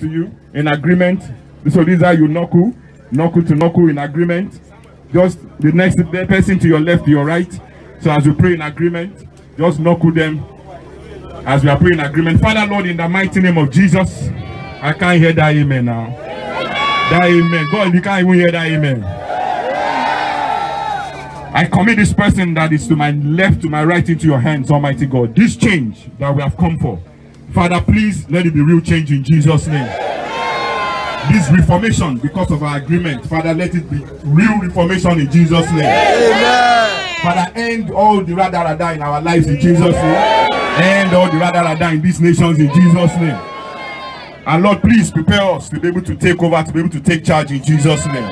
to you in agreement. So these are you knuckle, knuckle to knuckle in agreement. Just the next person to your left, to your right. So as we pray in agreement, just knuckle them as we are praying in agreement. Father, Lord, in the mighty name of Jesus, I can't hear that amen now. That amen. God, you can't even hear that amen. I commit this person that is to my left, to my right, into your hands, Almighty God. This change that we have come for Father, please let it be real change in Jesus' name. This reformation, because of our agreement, Father, let it be real reformation in Jesus' name. Amen. Father, end all the rada rada in our lives in Jesus' name. End all the rada rada in these nations in Jesus' name. And Lord, please prepare us to be able to take over, to be able to take charge in Jesus' name.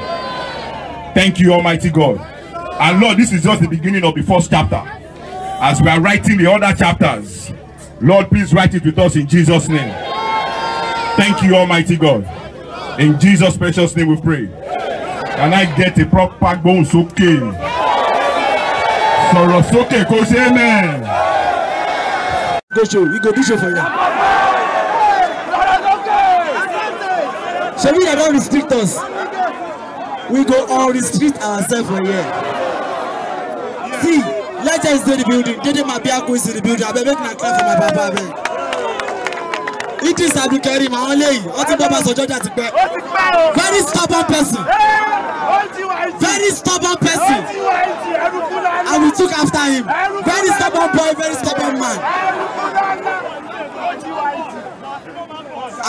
Thank you, Almighty God. And Lord, this is just the beginning of the first chapter. As we are writing the other chapters, Lord, please write it with us in Jesus' name. Thank you, Almighty God. In Jesus' precious name we pray. Can I get a proper gbóhùn sókè? Sọ̀rọ̀ sókè kó ṣe é mẹ́. Go show, we go do show for you. Shebi na not restrict us. We go all restrict ourselves for you. See. Legends dey the building. my Mabiaku is in the building. Abeg make una clap for my papa abeg. Idris Abdulkareem Awoleyi, ọtí bọ́bá sọjọ́ jà ti pẹ́. Very stubborn person. Very stubborn person. And we took after him. Very stubborn boy, very stubborn man.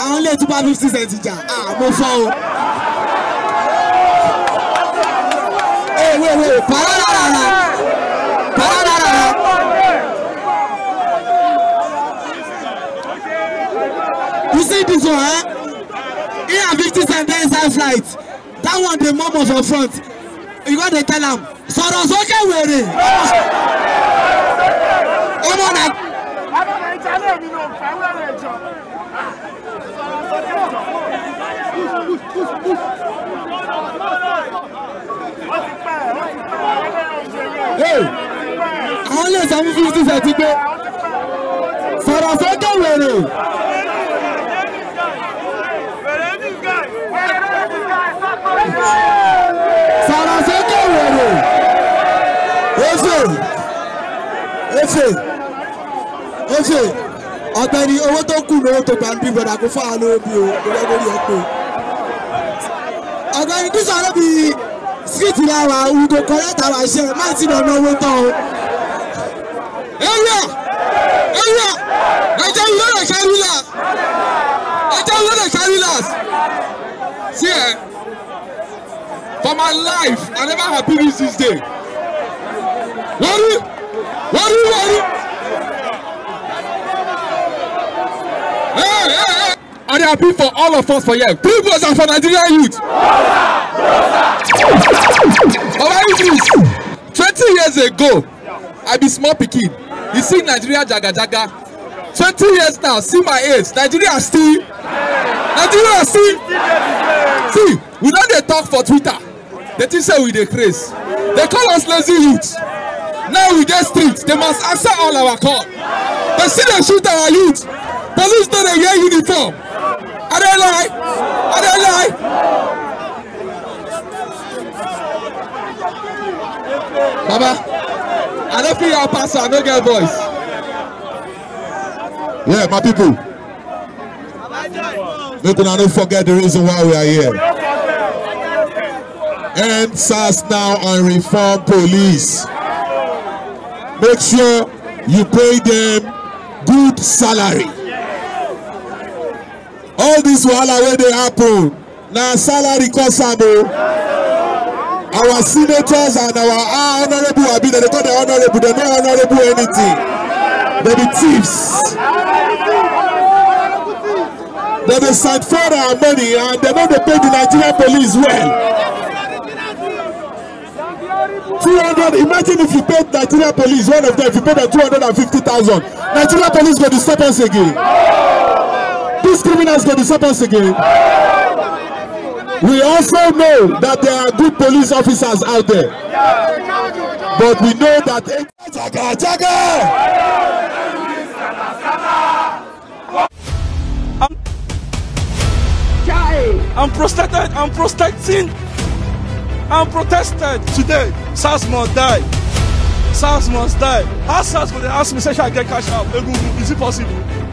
I Àwọn ilé ìtúpa fifty cent Ah, àmọ́ fọ́ Hey, Ee, wéwèé, pàrọ̀. motor eh him and fifty cent inside flight that one the murmur for front you got to tell am sọ̀rọ̀ sókè wèrè ọmọ na. àwọn lè sọ fún fifty cent pé sọ̀rọ̀ sókè wèrè. ọ̀gbẹ́ni owó tó kù lówó tó gbà ń bí bọ̀dà kó fáwọn lówó bí o lọ́wọ́ lórí ẹ̀ pé ọ̀gbẹ́ni dísà ló bí síìtì làwà ugo kọ́lẹ́tà wà ṣe má ti lọ ná owó tán o. ewúrẹ́ ewúrẹ́ ẹjẹ́ wúlò lè kárí là ẹjẹ́ wúlò lè sí ẹ for my life I never happy this day. wọ́n rí wọ́n rí wọ́n rí. and they have for all of us for years. Three votes are for Nigerian youth. Baba Idris, twenty years ago, I be small pikin. You see Nigeria jagajaga. Twenty years now, see my age, Nigeria still. Nigeria still. See, we don't dey talk for Twitter. They think say we decrease. They call us lazy youth. Now we get street, they must answer all our call. They see the shoot our youth. Police don't dey wear uniform. baba i don't feel hear pastor i no get voice. yeah my people People, I don't forget the reason why we are here end sars now and reform police make sure you pay them good salary all this wahala wey dey happen Now salary cause am our senators and our ah honourable have been they call dem honourable dem no honourable anything They be thieves They dey side for our money and they know they pay the nigerian police well two hundred imagine if you pay Nigerian police one of them if you pay them two hundred and fifty thousand nigeria police go disturb us again these criminals go disturb us again. We also know that there are good police officers out there. But we know that. Jaga, I'm protested. I'm protesting. I'm protested today. SARS must die. SARS must die. Ask SARS for the ask me, say, shall I get cash out? Is it possible?